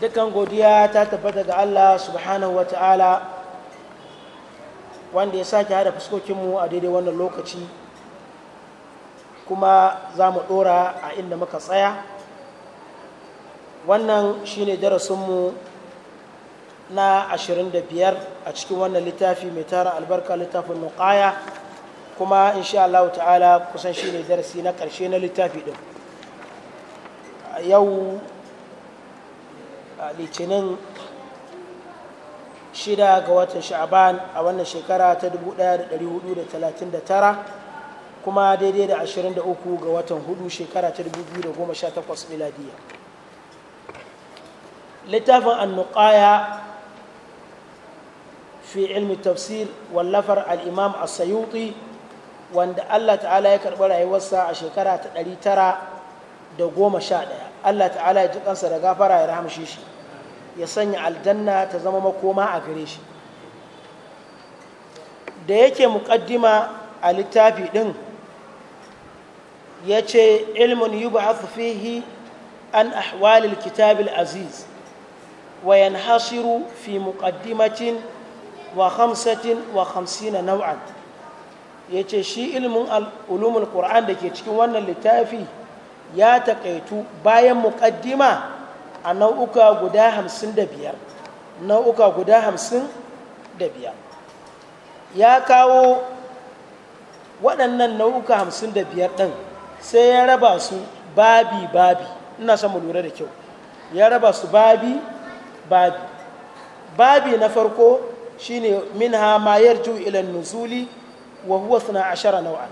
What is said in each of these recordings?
dukan godiya ta tabbata ga Allah subhanahu wa ta'ala wanda ya sake hada fuskokinmu a daidai wannan lokaci kuma za mu ɗora a inda muka tsaya wannan shine darasinmu na 25 a cikin wannan littafi mai tara albarka littafin nukaya kuma insha Allah ta'ala kusan shine darasi na ƙarshe na littafi ɗin yau litinin shida ga watan sha'aban a wannan shekara ta 1439 kuma daidai da 23 ga watan hudu shekara ta 2018 miladiya littafin annuqaya fi ilmi tafsir wallafar al'imam a sayuti wanda allah ta'ala ya karɓi rayuwarsa a shekara ta 911 Allah ta'ala ya ji kansa da gafara ya rahamshe shi ya sanya aljanna ta zama makoma a gare shi da yake muƙaddima a littafi ɗin ya ce ilmin yi ba fihi an ahwalil kitabil aziz wa yanhasiru fi muƙaddimatin wa hamsatin wa hamsina nau'an ya ce shi ilmin ulumul qur'an da ke cikin wannan littafi ya taƙaitu bayan muƙaddima a nau'uka guda hamsin da biyar nau'uka guda hamsin da biyar ya kawo waɗannan nau'uka hamsin da biyar ɗin sai ya raba su babi babi ina son mu lura da kyau ya raba su babi babi babi na farko shine min ha ma yarju ila nuzuli wa huwa 12 nau'an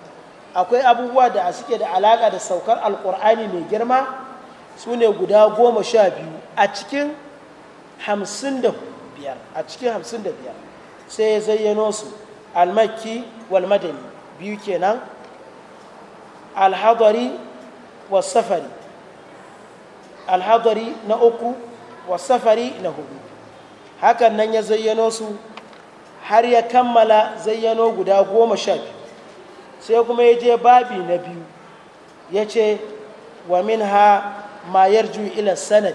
akwai abubuwa da suke da alaƙa da saukar alƙur'ani mai girma su ne guda goma sha biyu a cikin hamsin da biyar a cikin hamsin da biyar sai ya zayyano su almakki walmadani biyu kenan alhadari wa safari alhadari na uku wa safari na hudu hakan nan ya zayyano su har ya kammala zayyano guda goma sha biyu sai kuma ya je babi na biyu ya ce wa min ha ma ju ila sanad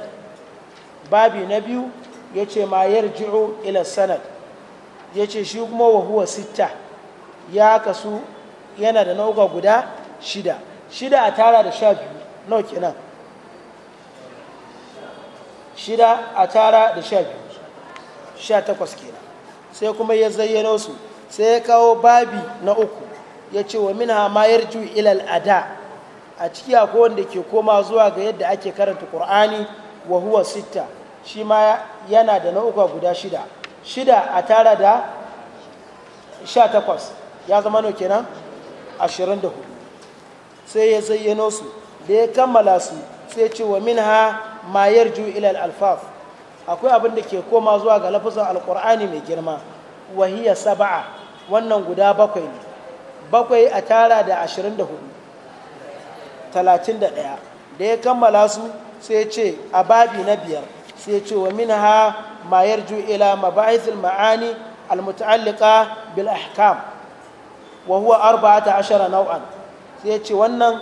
babi na biyu ya ce ma ju ila sanad ya ce shi kuma wa huwa sitta ya kasu yana da nauka guda shida shida a tara da sha biyu nau kenan shida a tara da sha biyu sha takwas kenan sai kuma ya zayyano su sai ya kawo babi na uku ya ce wa minha ma yarju ilal da a ciki akwai wanda ke koma zuwa ga yadda ake karanta qur'ani wa huwa sitta shi ma yana da nau'uka guda shida shida a tara da sha takwas ya zama no kenan ashirin da hudu sai ya zayyano su da ya kammala su sai ce wa min ha ma yarju ilal alfaf akwai abin da ke koma zuwa ga lafazin alkur'ani mai girma wahiya saba'a wannan guda bakwai ne bakwai a tara da ashirin da hudu talatin da ɗaya da ya kammala su sai ce a babi na biyar sai ce wa min ha ma juila ila mabahithul ma'ani almuta'alliqa bil ahkam wa huwa arba'ata ashara nau'an sai ce wannan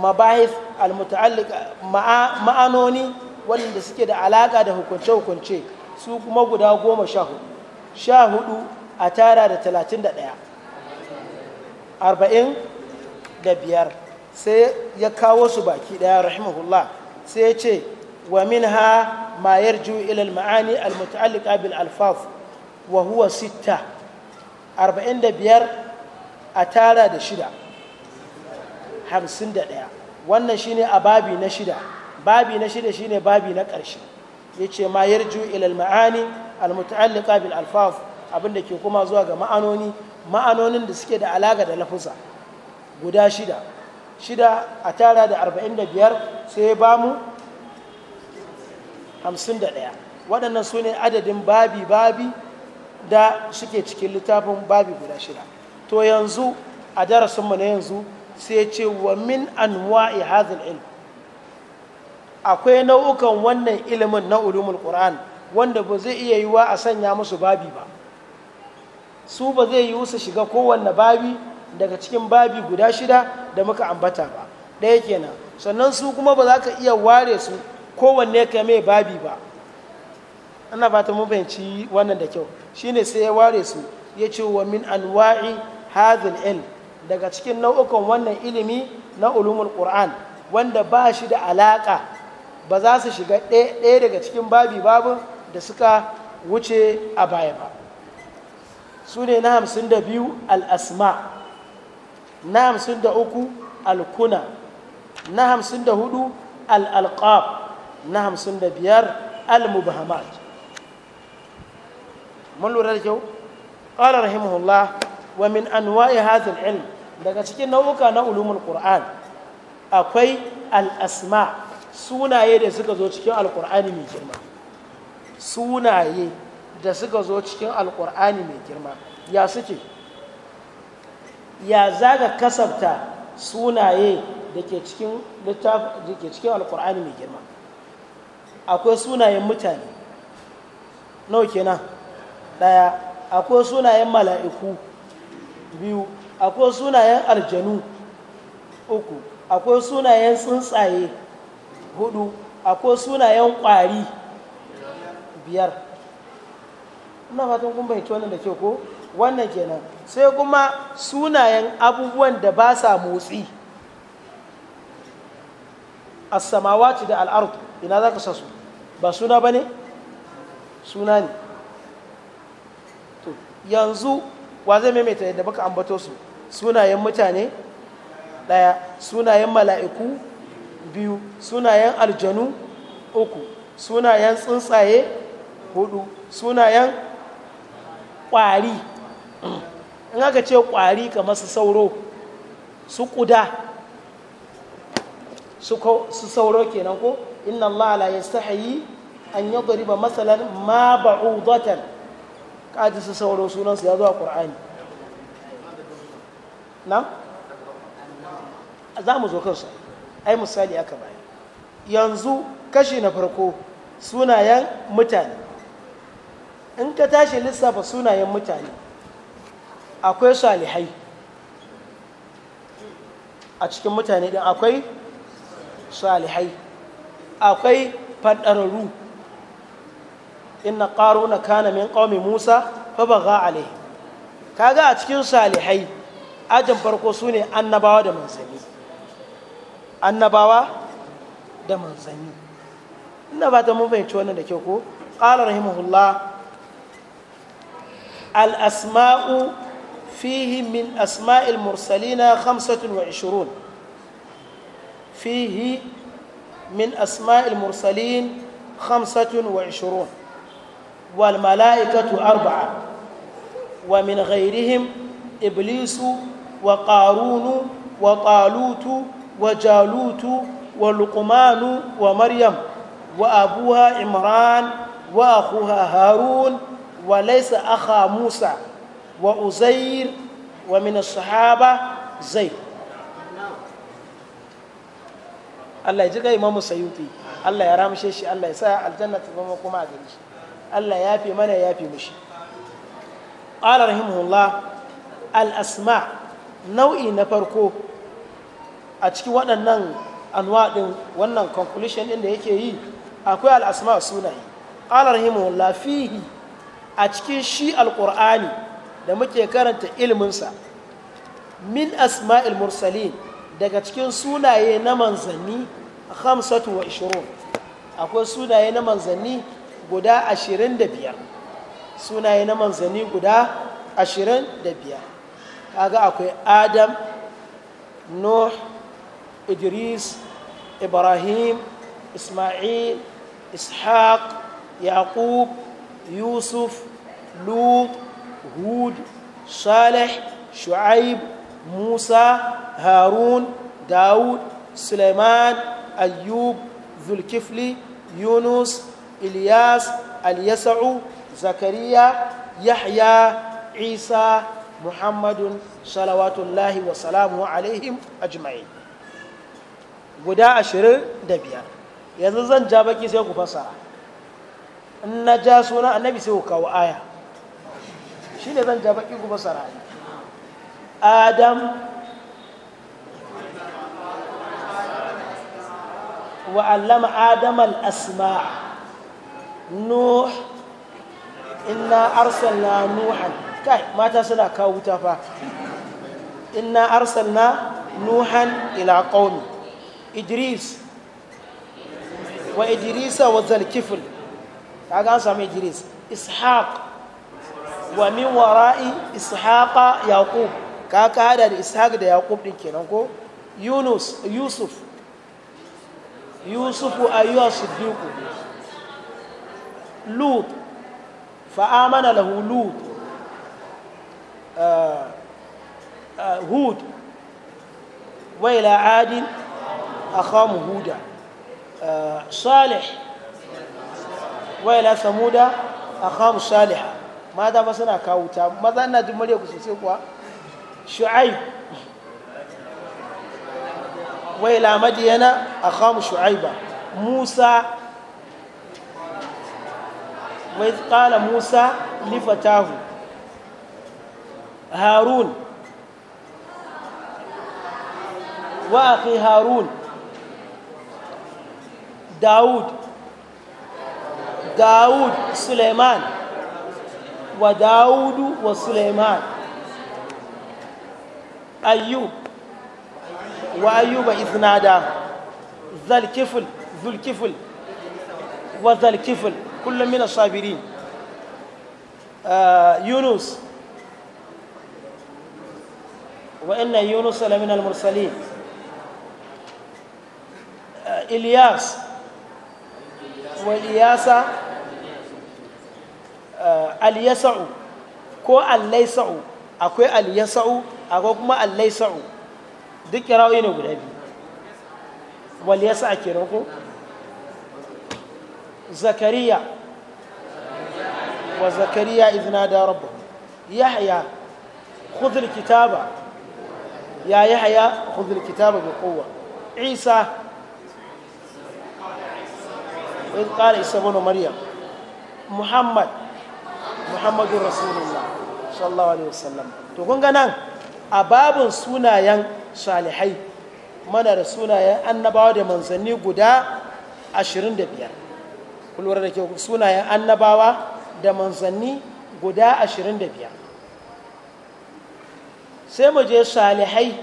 mabahith almuta'alliqa ma'anoni wanda suke da alaka da hukunce hukunce su kuma guda goma sha hudu sha hudu a tara da talatin da ɗaya arba'in da biyar sai ya kawo su baki daya rahimahullah sai ya ce wa min ha ma yarju ilal ma'ani almuta'alliqa bil alfaf wa huwa sitta arba'in da biyar a tara da shida hamsin da ɗaya wannan shine a babi na shida babi na shida shine babi na ƙarshe ya ce ma yarju ilal ma'ani almuta'alliqa bil alfaf abinda ke kuma zuwa ga ma'anoni ma'anonin da suke da alaga da lafusa guda shida shida a tara da arba'in da biyar sai ba mu hamsin da ɗaya waɗannan su ne adadin babi-babi da suke cikin littafin babi guda shida to yanzu a darasinmu na yanzu sai ce wa min anwa'i hadhal ilm akwai nau'ukan wannan ilimin na ulumul qur'an wanda ba zai iya wa a sanya musu babi ba su ba zai yiwu su shiga kowanne babi daga cikin babi guda shida da muka ambata ba ɗaya kenan sannan su kuma ba za ka iya ware su kowanne ka mai babi ba ana fata mun fahimci wannan da kyau shine sai ya ware su ya ce wa min anwa'i hadhil ilm daga cikin nau'ukan wannan ilimi na ulumul qur'an wanda ba shi da alaƙa ba za su shiga ɗaya daga cikin babi babu da suka wuce a baya ba su ne na hamsin da biyu al'asma na hamsin da uku alkuna na hamsin da hudu alalƙaf na hamsin da biyar al-mubahamat mun lura da kyau ƙwarar rahimahullah wa min anwa'i hadhal ilm daga cikin nau'uka na ulumul qur'an akwai al'asma sunaye da suka zo cikin alƙur'ani mai girma sunaye da suka zo cikin alkur'ani mai girma ya suke ya zaga kasabta sunaye da ke cikin cikin alkur'ani mai girma akwai sunayen mutane nawa kenan daya akwai sunayen mala'iku biyu akwai sunayen aljanu uku akwai sunayen tsuntsaye hudu akwai sunayen kwari biyar ina fatan kun bayyanci wannan da ke ko wannan kenan sai kuma sunayen abubuwan da ba sa motsi as-samawati da al ina za ka sa su ba suna ba ne suna ne yanzu wa zai maimaita yadda baka ambato su sunayen mutane ɗaya sunayen mala'iku biyu sunayen aljanu uku sunayen tsuntsaye hudu sunayen ƙwari in aka ce ƙwari kamar su sauro su ƙuda su sauro kenan ko inna Allah la yastahi an ba masalan ma ba'udatan kaji su sauro sunan ya zo a Qur'ani na za mu zo kansu ai misali aka bayan yanzu kashi na farko sunayen mutane in ka tashi lissafa sunayen mutane akwai salihai a cikin mutane din akwai salihai akwai fadararru inna na kana min qaumi musa fa baga alaihi kaga a cikin salihai ajin farko sune annabawa da manzanni annabawa da manzanni ina ba ta mun fahimci wannan da kyau ko ƙalar rahimahullah الأسماء فيه من أسماء المرسلين خمسة وعشرون فيه من أسماء المرسلين خمسة وعشرون والملائكة أربعة ومن غيرهم إبليس وقارون وطالوت وجالوت ولقمان ومريم وأبوها عمران وأخوها هارون وليس أخا موسى وأزير ومن الصحابة زيد Allah ya ji ga imamu sayuti Allah ya ramshe shi Allah ya sa aljanna ta zama a gari Allah ya fi mana ya fi mushi qala nau'i na farko a cikin waɗannan anwa ɗin wannan conclusion din da yake yi akwai al asma sunaye qala a cikin shi alƙur'ani da muke karanta ilminsa min asma'il mursalin daga cikin sunaye na manzanni hamsatu wa ishirin akwai sunaye na manzanni guda ashirin da biyar sunaye na manzanni guda ashirin da biyar kaga akwai adam nuh idris ibrahim isma'il ishaq yaqub yusuf lu hud salih shu'aib musa harun dawud suleiman ayyub zulkifli yunus ilyas alyasa'u zakariya yahya isa muhammadun salawatullahi wa salamu alaihim ajma'in guda ashirin da biyar yanzu zan ja baki sai ku fassara in na ja sunan annabi sai ku kawo aya shi ne zan ja baki ku fasara adam wa allama adam al nuh inna arsalna nuhan kai mata suna kawo wuta fa inna arsalna nuhan ila qaumi idris wa idrisa wa zalkifl kaga an sami idris ishaq wa min wara'i ishaqa yaqub Kaka hada da ishaq da yaqub din kenan ko yunus yusuf yusufu ayyuha siddiq lut fa amana lahu lut eh, eh, hud wa ila adin akham huda eh, salih wa ila samuda akhahum salihah maza ba suna kawo ta maza ina jin murya ku sosai kuwa shu'aib wa ila madiyana akhahum shu'aiba musa Wai qala musa li fatahu harun wa akhi harun داود داود سليمان وداود وسليمان أيوب وأيوب إذ نادى ذا الكفل ذو الكفل وذا الكفل كل من الصابرين آه يونس وإن يونس لمن المرسلين آه إلياس والإياس Eh, Aliyasa'u ko al akwai Aliyasa'u akwai kuma al-laysa'u duk kirawoyi ne guda biyu wal yasa kenan ko zakariya wa zakariya idna da rabbu ya haya al-kitaba ya yahya khudh al-kitaba bi quwwa isa wa qala isa ibn maryam muhammad muhammadun rasulullah sallallahu alaihi wasallam to kun ga nan a babin sunayen salihai mana da sunayen annabawa da manzanni guda 25 kulwar da ke sunayen annabawa da manzanni guda 25 sai mu je salihai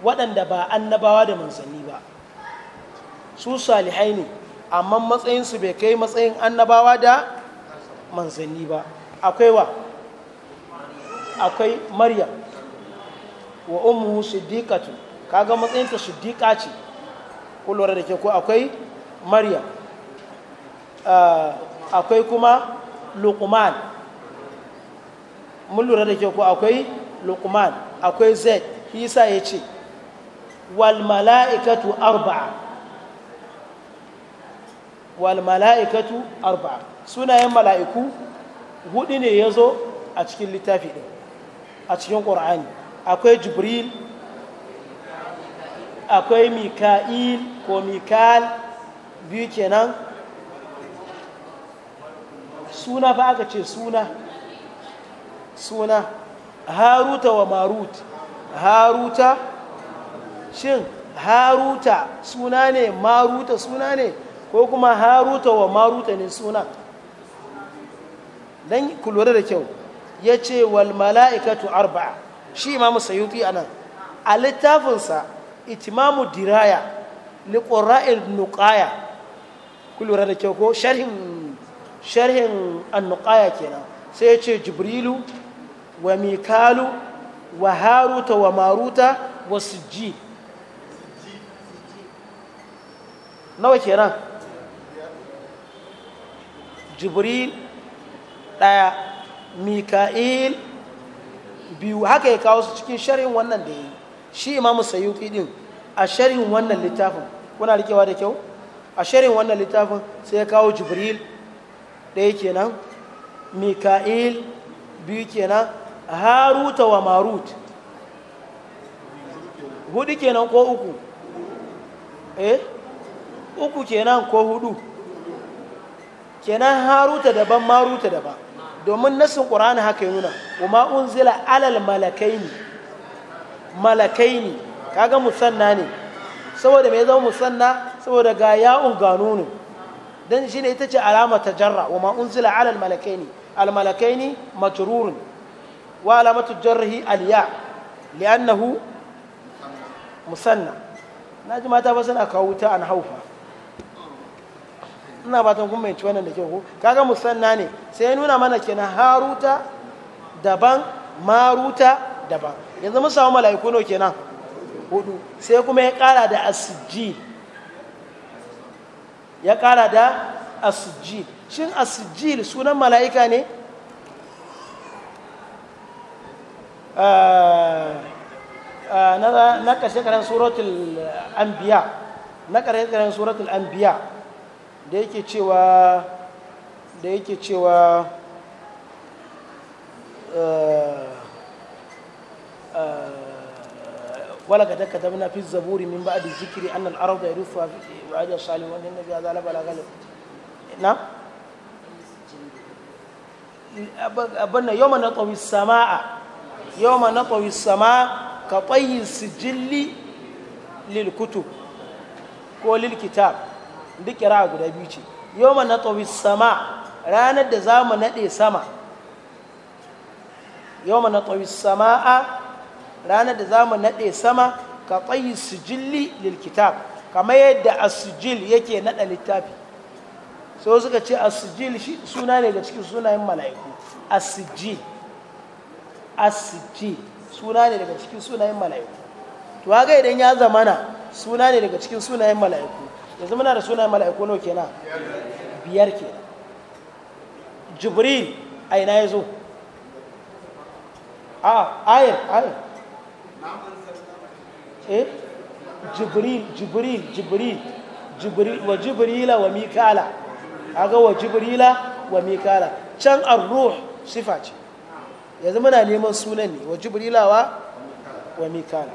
waɗanda ba annabawa da manzanni ba su salihai ne amma matsayinsu bai kai matsayin annabawa da manzanni ba akwai wa akwai maryam wa ummuhu siddiqatu kaga matsayinta siddiqa ce ku lura da ke ko akwai maryam ah, akwai kuma luqman mun lura da ke ko akwai luqman akwai zaid isa ya ce wal mala'ikatu arba'a wal mala'ikatu arba'a sunayen mala'iku hudu ne ya zo a cikin littafi ɗin a cikin ƙur'ani akwai jibril akwai mika'il ko mikal biyu kenan suna fa aka ce suna suna haruta wa marut haruta shin haruta suna ne maruta suna ne ko kuma haruta wa maruta ne suna dan ku da kyau ya ce wal mala'ikatu arba'a shi imamu sayuti a nan a littafinsa itimamu diraya liƙura'il nuƙaya ku da kyau ko sharhin sharhin annuƙaya kenan sai ya ce jibrilu wa mikalu wa haruta wa maruta wa sujji nawa kenan jibril ɗaya mika'il biyu haka ya kawo su cikin sharhin wannan da ya yi shi imamu sayuti din a sharhin wannan littafin kuna rikewa da kyau a sharhin wannan littafin sai ya kawo jibril ɗaya kenan mika'il biyu kenan haruta wa marut hudu kenan ko uku eh uku kenan ko hudu kenan haruta daban maruta daban domin nasin ƙur'ani haka ya nuna wa ma zila alal malakaini malakaini kaga musanna ne saboda me zama musanna saboda ga ya'un ga nunu shi ne ita ce alama jarra, wa ma zila alal malakaini al ne majrurun wa alamatu jarhi al ya li'annahu musanna ji mata ba suna kawo ta an haufa ina ta kun mai wannan da ke ku kaga musanna ne sai ya nuna mana kenan haruta daban maruta daban yanzu mun samu mala'iku no kenan hudu sai kuma ya kara da asijil ya kara da asijil shin asijil sunan mala'ika ne eh, eh, na kashe karen suratul anbiya na karen suratul anbiya da yake cewa da yake cewa eh, eh, wala ka dakka tabna fi zaburi min ba'di zikri anna al-arda yarufu wa ajal salih wa inna biya zalaba la galib na abanna yawma natawi samaa na tsawi sama ka tayyi sijilli lil kutu ko lil kitab duk kira guda biyu ce yau na tawis sama ranar da za mu naɗe sama yau na tawis a ranar da za mu naɗe sama ka tsayi sijilli lilkitab kamar yadda asijil yake naɗa littafi so suka ce asijil suna ne ga cikin sunayen mala'iku asijil asijil suna ne daga cikin sunayen mala'iku to haka idan ya zamana suna ne daga cikin sunayen mala'iku yanzu muna da sunayen mala'iku nawa kenan biyar kenan jibril a ina ya zo a ayin ayin eh jibril jibril jibril jibril wa jibrila wa mikala aga wa jibrila wa mikala can ar-ruh sifa ce yanzu muna neman sunan ne wa jibrila wa wa mikala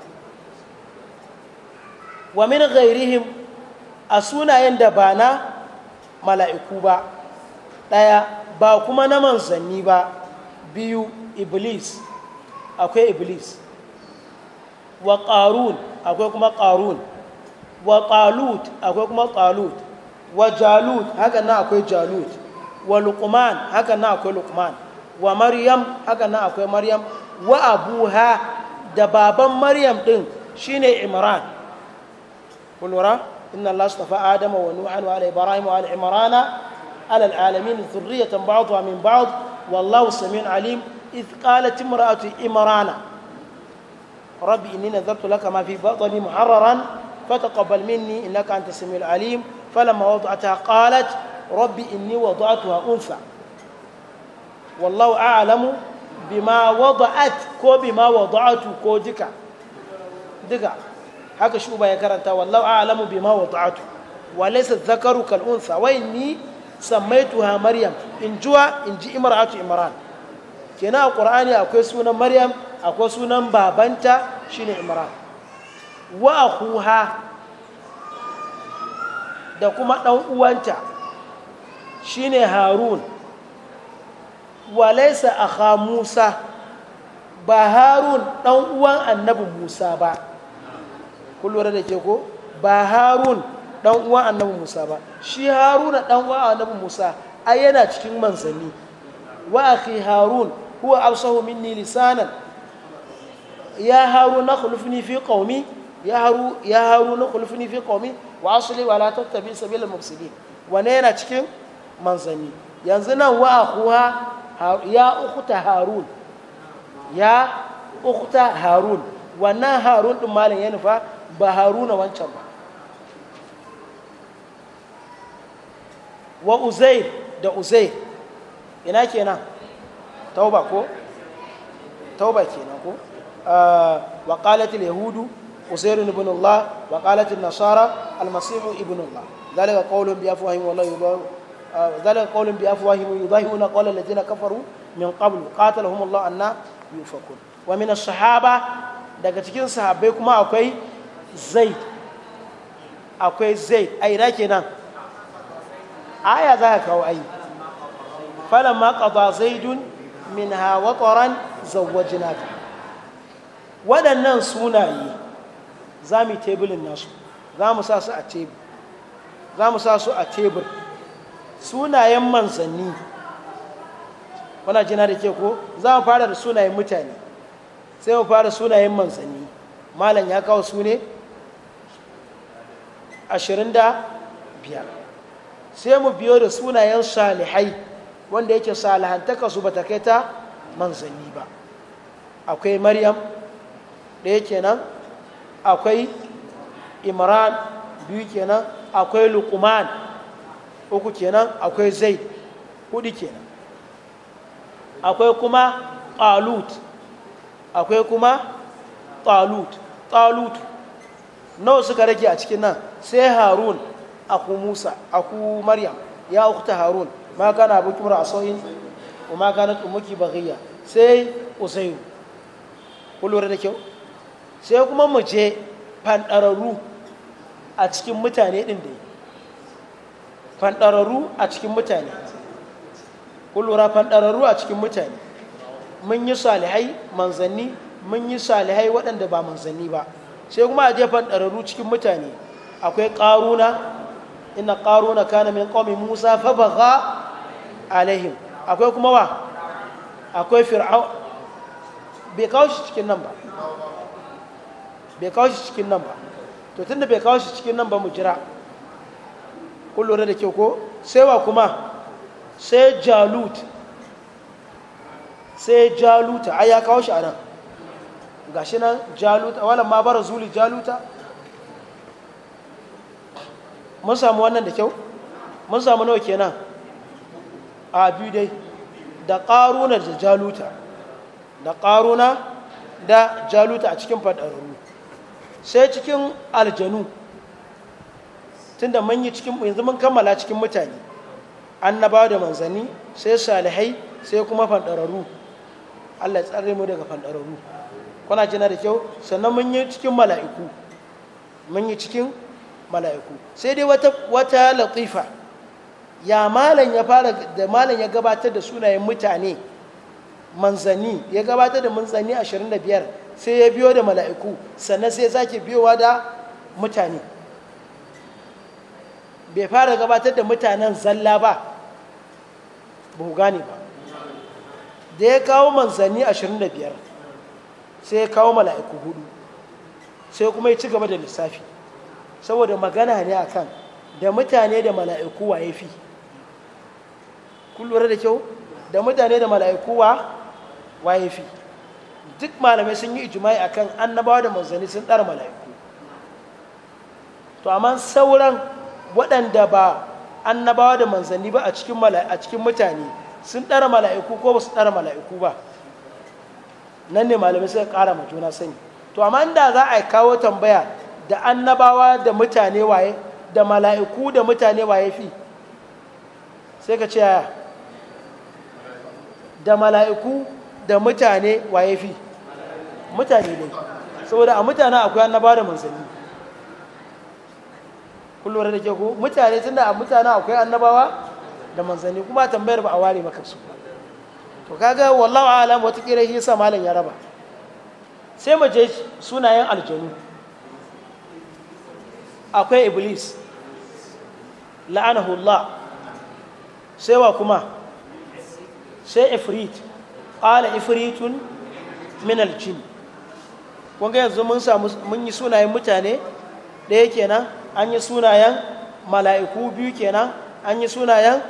wa min ghairihim a sunayen da ba na mala'iku ba ɗaya ba kuma na manzanni ba biyu iblis akwai iblis wa ƙarun akwai kuma ƙarun wa ƙalut akwai kuma ƙalut wa jalut haka na akwai jalut wa luqman haka na akwai luqman wa maryam haka na akwai maryam wa ha da baban maryam ɗin shine imran kulura إن الله اصطفى آدم ونوحا وآل إبراهيم وآل عمران على العالمين ذرية بعضها من بعض والله سميع عليم إذ قالت امرأة إمران رب إني نذرت لك ما في بطني محررا فتقبل مني إنك أنت السميع العليم فلما وضعتها قالت رب إني وضعتها أنثى والله أعلم بما وضعت كو بما وضعت كو دكا دكا haka shuba ya karanta wallahu a'lamu bima wada'tu wa laysa dhakaru kal unsa wa inni sammaituha maryam in juwa in ji imra'atu imran kenan a qur'ani akwai sunan maryam akwai sunan babanta shine imran wa akhuha da kuma dan uwanta shine harun wa laysa akha musa ba harun dan uwan annabi musa ba kun lura da ke ko ba harun dan uwan annabi musa ba shi haruna dan uwan annabi musa ai yana cikin manzanni wa akhi harun huwa absahu minni lisanan ya harun akhlifni fi qaumi ya haru ya harun akhlifni fi qaumi wa asli wa la tattabi sabila mufsidin wane yana cikin manzanni yanzu nan wa akhuha ya ukhta harun ya ukhta harun wannan harun din malam ya nufa ba haruna wancan ba wa uzair da uzair ina kenan tauba ko tauba kenan ko ah, wa qalat yahudu uzair ibn allah wa qalat al nasara al masih ibn allah zalika qawlun bi afwahihim wallahu yubahu zalika qawlun bi afwahihim yudahiruna qawla alladhina kafaru min qablu qatalahum allah anna yufakun wa min as-sahaba daga cikin sahabbai kuma akwai Zai akwai zai a nan kenan aya za ka kawo ai falamma qada zaidun hawa wa taran zawwajnaka waɗannan sunaye za mu tebulin nasu za mu sa su a tebul za mu sa su a tebur sunayen manzanni wana jina da ke ko za mu fara da sunayen mutane sai mu fara sunayen manzanni malam ya kawo su ne ashirin da biyar sai mu biyo da sunayen salihai wanda yake salihantaka su ba ta kai ta manzanni ba akwai maryam ɗaya kenan akwai imran biyu kenan akwai lukuman uku kenan akwai zai hudu kenan akwai kuma talut akwai kuma talut talutu nawa suka rage a cikin nan sai harun aku musa ku maryam ya ukhta harun ma kana abuki mura sauyin wa ma kanat tsumuki baghiya sai ku lura da kyau sai kuma mu je fandararru a cikin mutane din da fandararru a cikin mutane ku lura fandararru a cikin mutane mun yi salihai manzanni mun yi salihai waɗanda ba manzanni ba sai kuma a jefan ɗararru cikin mutane akwai ƙaruna ina ƙaruna kana min ƙomi musa fa baga alaihim akwai kuma wa akwai fir'au bai kawo shi cikin nan ba bai kawo shi cikin nan ba to tun da bai kawo shi cikin nan ba mu jira kun lura da kyau ko sai wa kuma sai jalut sai jaluta ai ya kawo shi a nan gashi nan jaluta wala ma bara zuli jaluta mun samu wannan da kyau mun samu nawa kenan a biyu dai da karuna da jaluta da karuna da jaluta a cikin faɗararru sai cikin aljanu tunda mun yi cikin yanzu mun kammala cikin mutane annaba da manzanni sai salihai sai kuma faɗararru allah tsare mu daga faɗararru kuna jina da kyau sannan mun yi cikin mala'iku mun yi cikin mala'iku sai dai wata wata latifa ya malam ya fara da malam ya gabatar da sunayen mutane manzani ya gabatar da manzani 25 sai ya biyo da mala'iku sannan sai ya sake biyowa da mutane bai fara gabatar da mutanen zalla ba ba gane ba da ya kawo manzani 25 sai ya kawo mala'iku hudu sai kuma ya ci gaba da lissafi saboda magana ne akan da mutane da mala'iku wa ya fi kullum da kyau da mutane da mala'iku wa ya fi duk malamai sun yi ijimai akan annabawa da manzanni sun ɗara mala'iku to amma sauran waɗanda ba annabawa da manzanni ba a cikin mutane sun ɗara mala'iku ko ba su ɗara mala'iku ba nan ne malamai suka kara ma juna sani to amma inda za a kawo tambaya da annabawa da mutane waye da mala'iku da mutane waye fi sai ka ce da mala'iku da mutane waye fi mutane ne saboda a mutane akwai annabawa da manzanni kullum da ke ko mutane tunda a mutane akwai annabawa da manzanni kuma tambayar ba a ware maka su ba to kaga wallahu alam wata kira shi yasa malam ya raba sai mu je sunayen aljanu akwai iblis allah sai wa kuma sai ifrit qala ifritun min aljin kun ga yanzu mun samu mun yi sunayen mutane ɗaya kenan an yi sunayen mala'iku biyu kenan an yi sunayen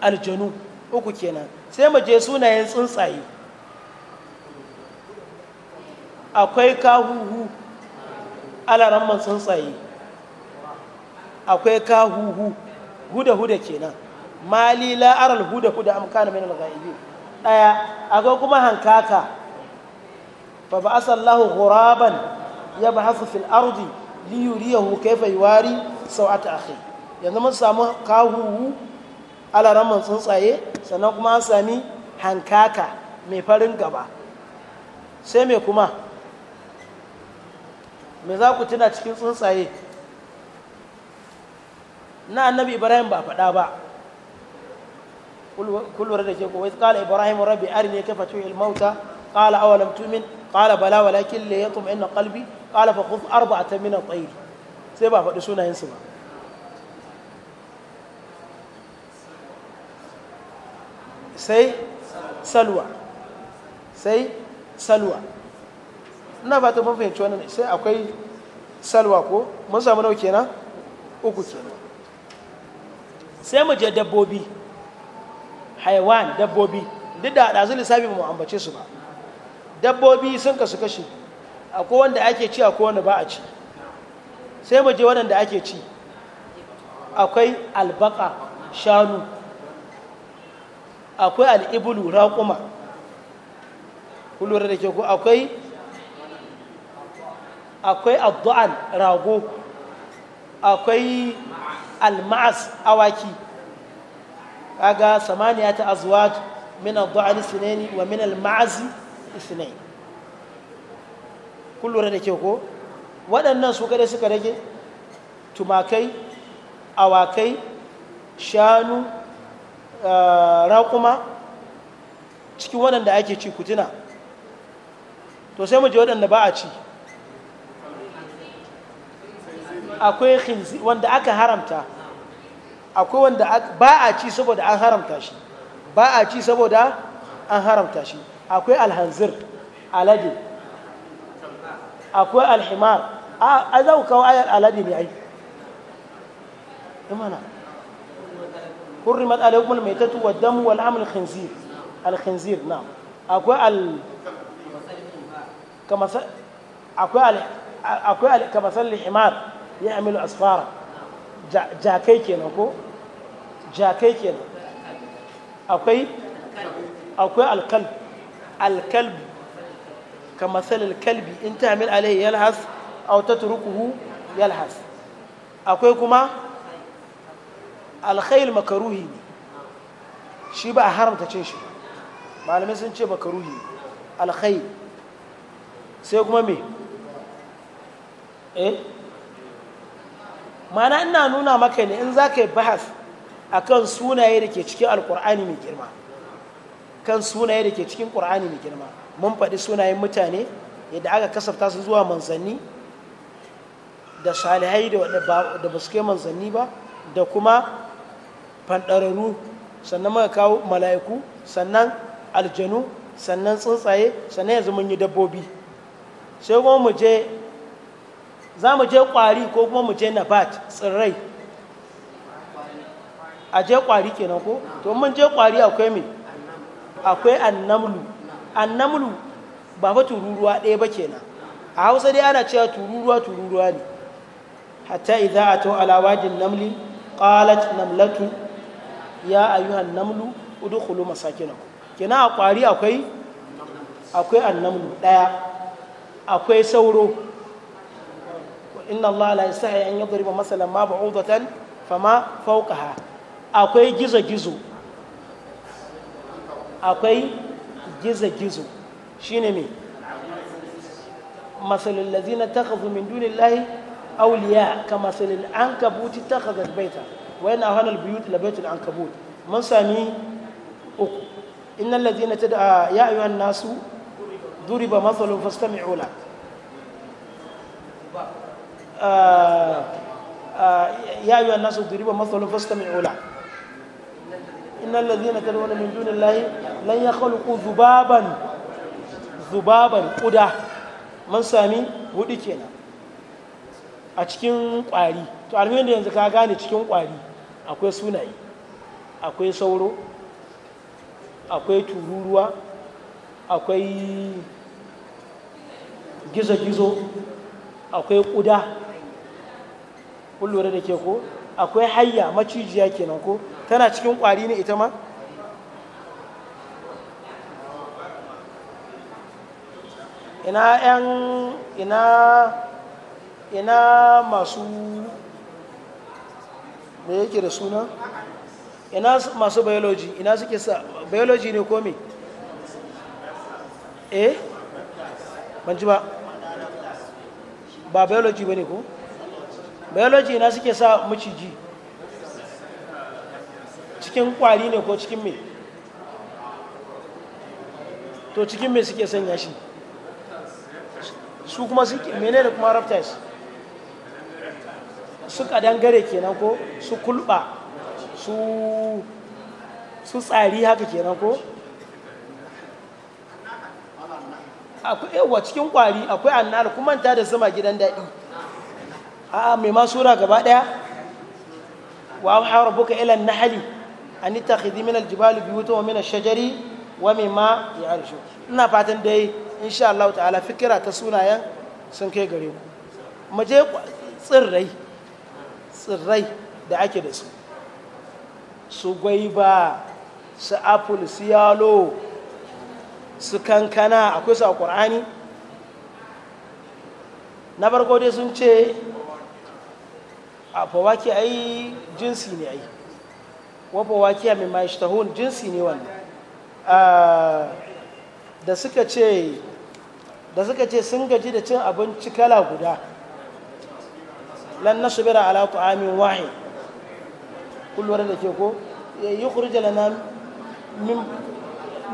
aljanu uku kenan sai mu je sunayen tsuntsaye akwai kahuhu alaramman tsuntsaye akwai kahuhu huda-huda kenan mali la'aral huda-huda amkana min al-ghaibi daya akwai kuma hankaka fa ba'asallahu ghuraban yabhasu fil ardi li yuriyahu kayfa yuwari sawata akhi yanzu mun samu kahuhu alaraman tsuntsaye sannan kuma an sami hankaka mai farin gaba sai mai kuma mai za ku tuna cikin tsuntsaye na annabi ibrahim ba faɗa ba kullum da ke kowai kala ibrahim rabbi ya kafa tuhil mauta kala awalam tumin kala bala walakin le ya tuma kalbi kala fa kuf arba'atan min at sai ba faɗi sunayensu ba sai salwa sai salwa ina fata mun fahimci wannan sai akwai salwa ko mun samu nau kenan uku kenan sai mu je dabbobi haiwan dabbobi duk da ɗazu lissafi mu ambace su ba dabbobi sun kasu kashi akwai wanda ake ci akwai wanda ba a ci sai mu je waɗanda ake ci akwai albaka shanu akwai al'ibulu raƙuma kullum da ke ku akwai akwai abdu'an rago akwai alma'as awaki kaga samaniya ta azuwatu min abdu'an isnaini wa min alma'az isnaini kullum da ke ku waɗannan su kada suka rage tumakai awakai shanu Eh, raƙuma cikin waɗanda ake ci kutuna to sai muje waɗanda ba a ci akwai wanda aka haramta akwai wanda ba a ci saboda an haramta shi ba a ci saboda an haramta shi akwai alhanzir alade akwai alhimar a za ku kawo ayar alade ne ai imana حرمت عليكم الميتة والدم والعمل الخنزير الخنزير نعم أكو ال كما أكو ال أكو ال كما الحمار يعمل أسفارا جاكي كينا أكو جاكي كينا أكو أكو الكلب الكلب كمثل الكلب إن تعمل عليه يلهث أو تتركه يلهث أكو كما alkhail makaruhi ne shi ba a haramta cin shi malamai sun ce makaruhi ne alkhail sai kuma me eh mana ina nuna maka ne in za ka yi bahas kan sunaye da ke cikin alkur'ani mai girma kan sunaye da ke cikin ƙur'ani mai girma mun faɗi sunayen mutane yadda aka kasafta su zuwa manzanni da salihai da ba su kai manzanni ba da kuma fanɗararru sannan muka kawo mala'iku sannan aljanu sannan tsuntsaye sannan yanzu mun yi dabbobi sai kuma mu je za mu je ƙwari ko kuma mu je nabat tsirrai a je ƙwari kenan ko to mun je ƙwari akwai mai akwai annamlu annamlu ba fa tururuwa ɗaya ba kenan a hausa dai ana cewa tururuwa tururuwa ne hatta idza atau ala wajin namli qalat namlatu ya ayyuhan namlu udkhulu masakinakum kina a kwari akwai akwai annamlu daya akwai sauro inna Allah la yastahi an yadriba masalan ma ba'udatan fama fawqaha akwai gizo gizo akwai gizo gizo shine me masalul ladina takhadhu min dunillahi awliya kama salil ankabuti takhadhat baita wa na halal buyut la baitul ankabut mun sami uku na ladina tad'a ya ayyuhan nasu duriba mathalun fastami'u la ah, ah, ya ayyuhan nasu duriba mathalun fastami'u la innal ladina tad'una min layi lan yakhluqu dhubaban dhubaban quda mun sami hudu kenan a cikin kwari to alhamdu yanzu ka gane cikin kwari akwai sunaye akwai sauro akwai tururuwa akwai gizo-gizo akwai ƙuda kullum da ke ko akwai hayya macijiya kenan ko tana cikin kwari ne ita ma ina ina ina masu me yake da suna ina masu biology ina suke sa biology ne komi eh ban ji ba ba biology ne ko biology ina suke sa maciji cikin kwari ne ko cikin me to cikin me suke sanya shi su kuma suke menene kuma raptors su kadangare kenan ko su kulba su tsari haka kenan ko akwai yawa cikin kwari akwai annar kuma ta da zama gidan daɗi a mai ma gaba ɗaya wa hawar buka ilan nahali a nita khidi min aljibali biyu ta wa shajari wa mai ma ya harshe ina fatan dai insha Allah ta'ala fikira ta sunayen sun kai gare ku mu je tsirrai tsirrai da ake da su su gwaiba su apple su yalo su kankana akwai su a ƙorani na farko dai sun ce a fawaki a yi jinsi ne a yi wa fawaki a mai tahun jinsi ne wanda da suka ce sun gaji da cin abinci kala guda لن نصبر على طعام واحد كل ورد يقول يخرج لنا من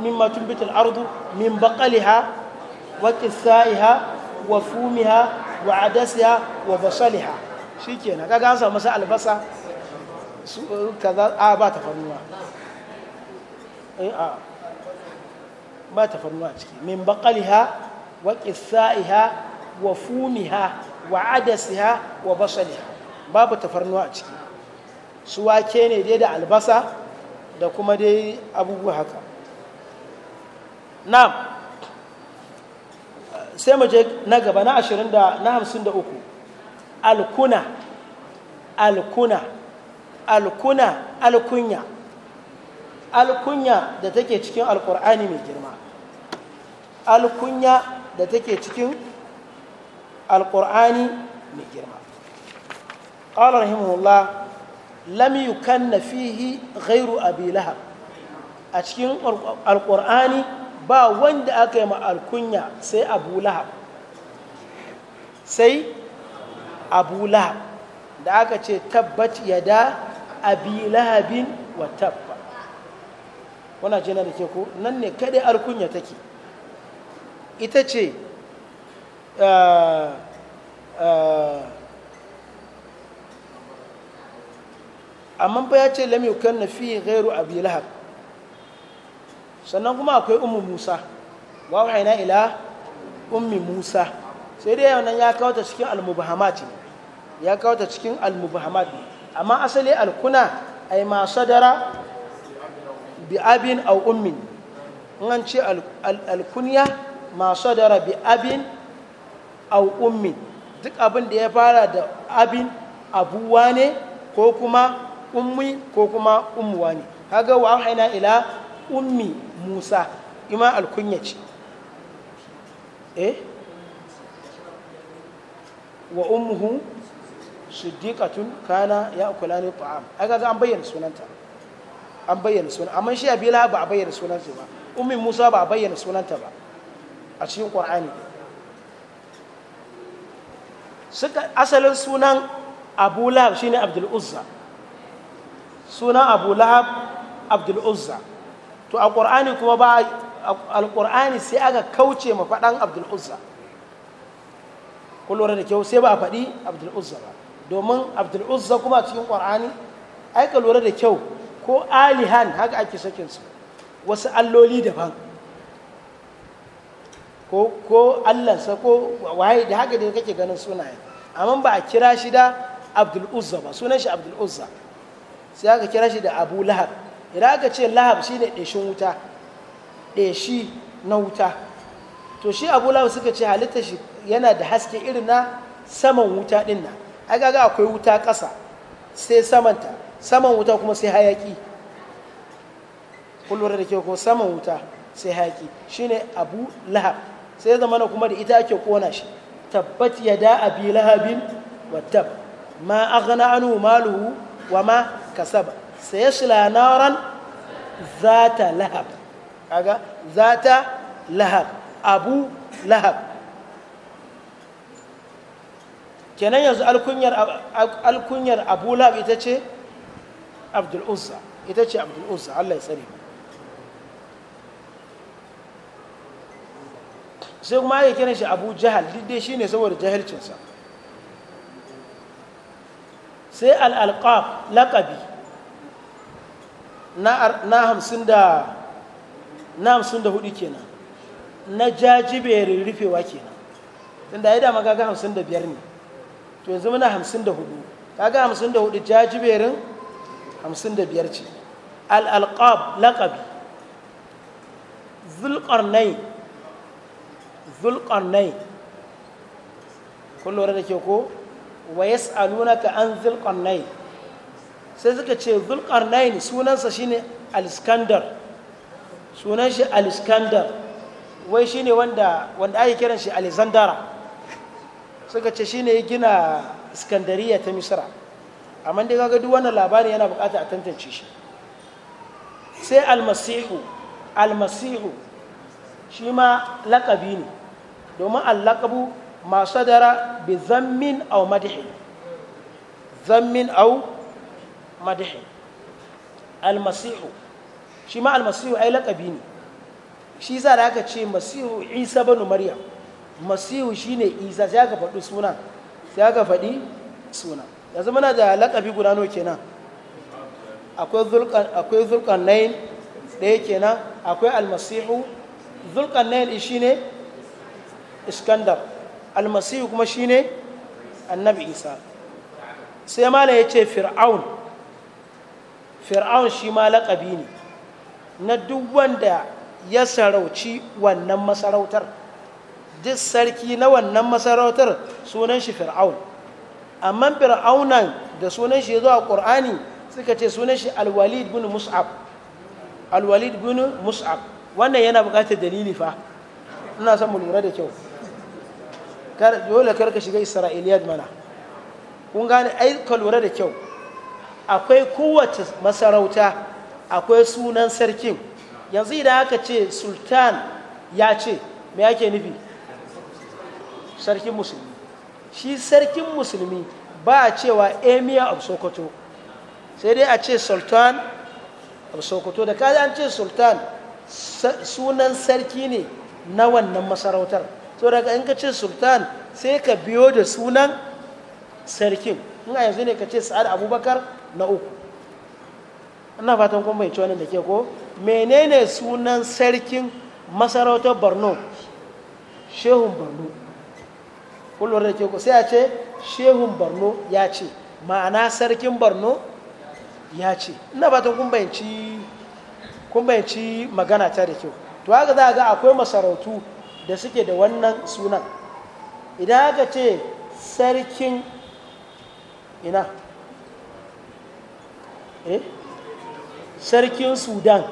مما تنبت الارض من بقلها وكسائها وفومها وعدسها وبصلها شي كينا كاغا انسى مسا البصا كذا اه با تفنوا ايه اه ما تفنوا من بقلها وكسائها وفومها wa adasiha wa basaliha babu tafarnuwa a ciki su wake ne dai da albasa da kuma dai abubuwa haka na sai mu je na gaba na 20 da na 53 alkuna alkuna alkuna alkunya alkunya da take cikin alkur'ani mai girma alkunya da take cikin alƙur'ani mai girma ƙala rahimahullah lam na fihi ghairu abi lahab a cikin alƙur'ani ba wanda aka yi ma alkunya sai abu lahab sai abu lahab da aka ce tabbat yada abi lahabin wa tabba wana jina da ke ku nan ne kaɗai alkunya take ita ce Uh, uh, amma ba ya ce lam yukanna fi ghairu abi lahab sannan kuma akwai ummu musa wa wahayna ila ummi musa sai dai wannan ya kawo ta cikin almubahamat ne ya kawo ta cikin almubahamat ne amma asali alkuna ai ma sadara bi abin aw ummin in an ce alkunya ma sadara bi abin au ummin duk abin da ya fara da abin abuwa ne ko kuma ummi ko kuma umuwa ne haga wa haina ila ummi musa ima alkunya ce eh wa ummuhu siddiqatun kana ya'kulani ta'am haga ga an bayyana sunanta an bayyana sunan amma shi abila ba a bayyana sunanta ba ummi musa ba a bayyana sunanta ba a cikin qur'ani suka asalin sunan abu lahab shine abdul uzza sunan abu lahab abdul uzza to a ƙor'ani kuma ba alƙur'ani sai aka kauce ma faɗan abdul uzza kullum da kyau sai ba a faɗi abdul uzza ba domin abdul uzza kuma cikin ƙur'ani aika lura da kyau ko alihan haka ake sakinsu wasu alloli daban ko ko allansa ko waye da haka dai kake ganin sunaye amma ba a kira shi da abdul uzza ba sunan shi abdul uzza sai aka kira shi da abu lahab idan aka ce lahab shine ɗeshin wuta ɗeshi na wuta to shi abu lahab suka ce halitta shi yana da haske irin na saman wuta ɗin nan ai ga akwai wuta ƙasa sai samanta saman wuta kuma sai hayaki kullum da ke ko saman wuta sai hayaki shine abu lahab sai zama na kuma da ita ake kona shi tabbat a bi lahabin wa tab ma gana anu maluhu wa ma kasaba Sai sayasla naran ta lahab kaga ta lahab abu lahab kenan yanzu alkunyar abu lahab ita ce abdul ita ce abdul Allah ya ba. sai kuma ake kiran shi abu jahal didde shi ne saboda jahilcinsa sai al'alƙaf laƙabi na hamsin da na hamsin da hudu kenan na jajiberin rufewa kenan tun da ya dama kaga hamsin da biyar ne to yanzu muna hamsin da hudu kaga hamsin da hudu jajiberin hamsin da biyar ce al'alƙaf laƙabi nai. zulqarnai kun lura da ke ko wa ka an zulqarnai sai suka ce zulqarnain sunansa shine al-iskandar sunan shi al-iskandar wai shine wanda wanda ake kiran shi alexandara suka ce shine ya gina iskandariya ta misra amma dai kaga duk wannan labarin yana bukata a tantance shi sai almasihu almasihu shi ma laƙabi ne domin allakabu masu dara bi zammin au madhi zammin au madhi almasihu shi ma almasihu ai lakabi ne shi za da aka ce masihu isa banu maryam masihu shine isa sai aka faɗi suna sai aka faɗi suna yanzu muna da lakabi guda nawa kenan akwai zulkan akwai zulkan nain ɗaya kenan akwai almasihu zulkan nain shine iskandar almasihu kuma shine annabi isa sai mala ya ce fir'aun fir'aun shi ma laƙabi ne na duk wanda ya sarauci wannan masarautar duk sarki na wannan masarautar sunan shi fir'aun amma fir'aunan da sunan shi ya zo ƙur'ani suka ce sunan shi alwalid bin mus'ab alwalid bin mus'ab wannan yana buƙatar dalili fa ina son mu lura da kyau dole kar ka shiga isra'iliyat mana kun gane ai ka lura da kyau akwai kowace masarauta akwai sunan sarkin yanzu idan aka ce sultan ya ce me ake nufi sarkin musulmi shi sarkin musulmi ba a cewa emir of sokoto sai dai a ce sultan of sokoto da kada an ce sultan sunan sarki ne na wannan masarautar so daga in ka ce sultan sai ka biyo da sunan sarkin in a yanzu ne ka ce sa'ad abubakar na uku ina fatan kuma mai cewa da ke ko menene sunan sarkin masarautar borno shehun borno kullum da ke ko sai a ce shehun borno ya ce ma'ana sarkin borno ya ce ina fatan kun bayanci magana ta da kyau to haka za a ga akwai masarautu da suke da wannan sunan idan aka ce sarkin ina eh sarkin sudan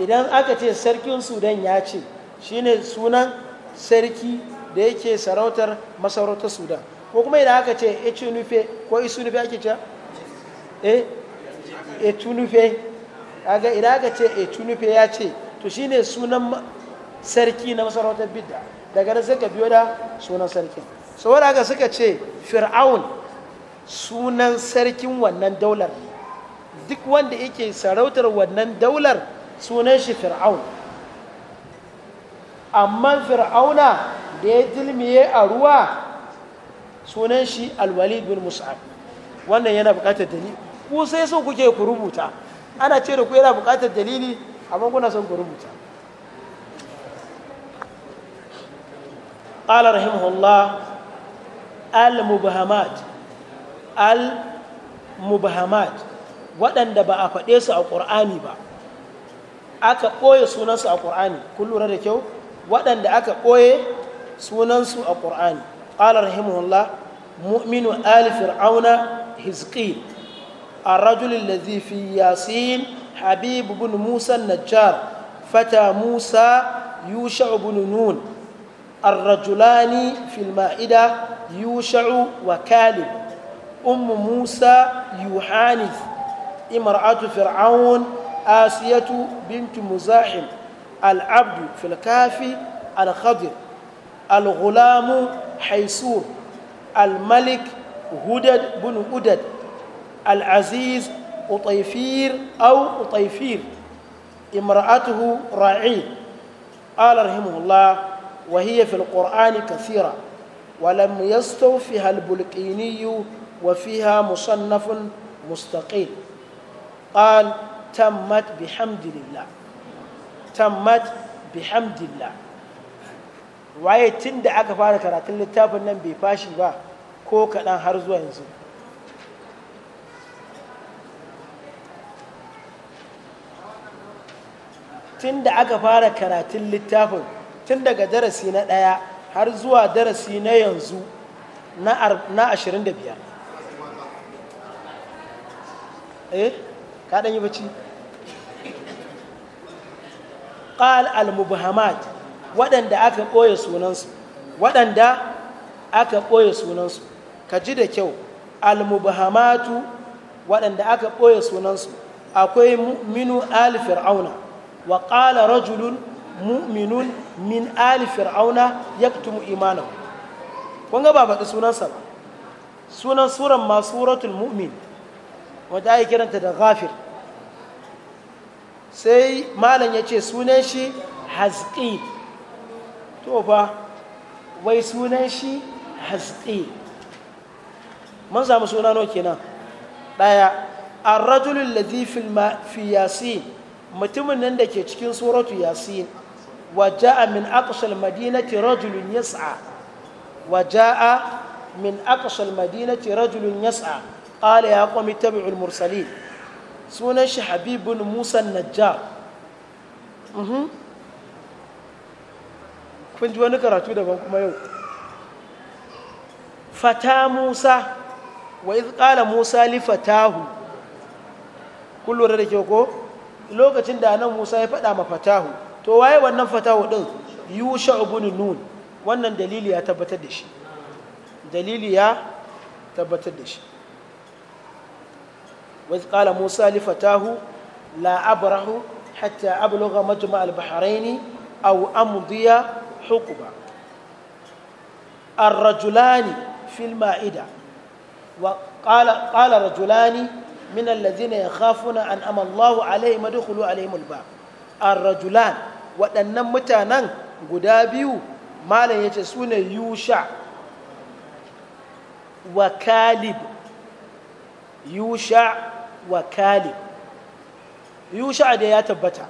idan aka ce sarkin sudan ya ce shine sunan sarki da yake sarautar masarautar sudan ko kuma idan aka ce etunufe ko isunufe ake ce eh etunufe aga idan aka ce etunufe ya ce to shine sunan sarki na masarautar bidda daga nan suka biyo da sunan sarkin saboda haka suka ce fir'aun sunan sarkin wannan daular duk wanda yake sarautar wannan daular sunan shi fir'aun amma fir'auna da ya dilmiye a ruwa sunan shi alwali bin mus'ab wannan yana buƙatar dalili ku sai sun kuke ku rubuta ana ce da ku yana bukatar dalili amma kuna son ku rubuta قال رحمه الله المبهمات المبهمات waɗanda ba a faɗe su a ƙur'ani ba aka ɓoye sunansu a ƙur'ani kun da kyau waɗanda aka ɓoye sunansu a ƙur'ani ƙala mu'minu ali fir'auna hizqil الرجل الذي في ياسين حبيب بن موسى النجار فتى موسى يوشع بن نون الرجلان في المائدة يوشع وكالب أم موسى يوحانث امرأة فرعون آسية بنت مزاحم العبد في الكافي الخضر الغلام حيسور الملك هدد بن هدد العزيز أطيفير أو أطيفير امرأته راعي قال رحمه الله وهي في القرآن كثيرة ولم يستوفها البلقيني وفيها مصنف مستقيل قال تمت بحمد الله تمت بحمد الله waye tun da aka fara karatun littafin nan bai fashi ba ko kaɗan har zuwa yanzu tun da aka fara karatun littafin tun daga darasi na ɗaya har zuwa darasi na yanzu na ashirin da biyar eh ka ɗan yi bacci ƙal al-mubhamat waɗanda aka ɓoye sunansu waɗanda aka ɓoye sunansu ka ji da kyau al-mubhamatu waɗanda aka ɓoye sunansu akwai mu'minu al-fir'auna wa ƙala rajulun mu'minun min ali fir'auna yaktumu imanahu kun ga ba faɗi sunansa ba sunan suran ma suratul mu'min wata ake kiranta da ghafir sai malam ya ce sunan shi hazqi to fa wai sunan shi hazqi mun samu suna nawa kenan daya ar-rajulul ladhi fil ma fi yasin mutumin nan da ke cikin suratu yasin وجاء من أقصى المدينة رجل يسعى وجاء من أقصى المدينة رجل يسعى قال يا قوم اتبعوا المرسلين سنن حبيب موسى النجار kun ji wani karatu daban kuma yau fata musa wa iz qala musa li fatahu kun da ke ko lokacin da nan musa ya faɗa ma fatahu to waye wannan fatawa din yusha ibn nun wannan dalili ya tabbatar da shi dalili ya tabbatar da shi wa qala musa li fatahu la abrahu hatta ablugha majma al-bahrain aw amdiya hukuba الرجلان في المائدة وقال قال رجلان من الذين يخافون أن أم الله عليهم ادخلوا عليهم الباب الرجلان waɗannan mutanen guda biyu malam ya ce su ne yusha wa kalib yusha wa kalib yusha da ya tabbata